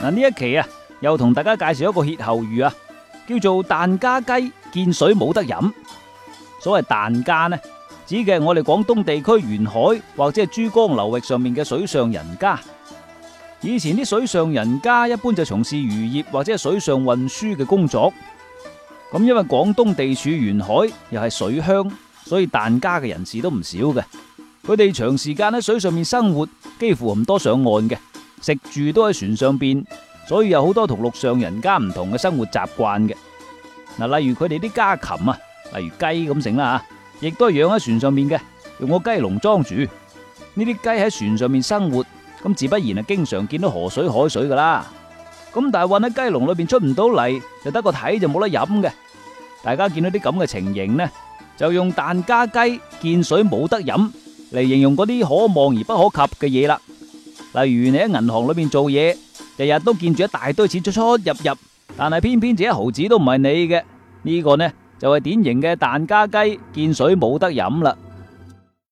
嗱呢一期啊，又同大家介紹一個歇後語啊，叫做疍家雞見水冇得飲。所謂疍家呢，指嘅係我哋廣東地區沿海或者係珠江流域上面嘅水上人家。以前啲水上人家一般就從事漁業或者係水上運輸嘅工作。咁因為廣東地處沿海，又係水鄉，所以疍家嘅人士都唔少嘅。佢哋長時間喺水上面生活，幾乎唔多上岸嘅。食住都喺船上邊，所以有好多同陸上人家唔同嘅生活習慣嘅。嗱，例如佢哋啲家禽啊，例如雞咁成啦吓，亦都係養喺船上面嘅，用個雞籠裝住。呢啲雞喺船上面生活，咁自不然啊，經常見到河水海水噶啦。咁但係韞喺雞籠裏邊出唔到嚟，就，就得個睇就冇得飲嘅。大家見到啲咁嘅情形呢，就用疍家雞“疍家雞見水冇得飲”嚟形容嗰啲可望而不可及嘅嘢啦。例如你喺銀行裏邊做嘢，日日都見住一大堆錢出出入入，但係偏偏自己一毫子都唔係你嘅，呢、這個呢就係、是、典型嘅疍家雞見水冇得飲啦。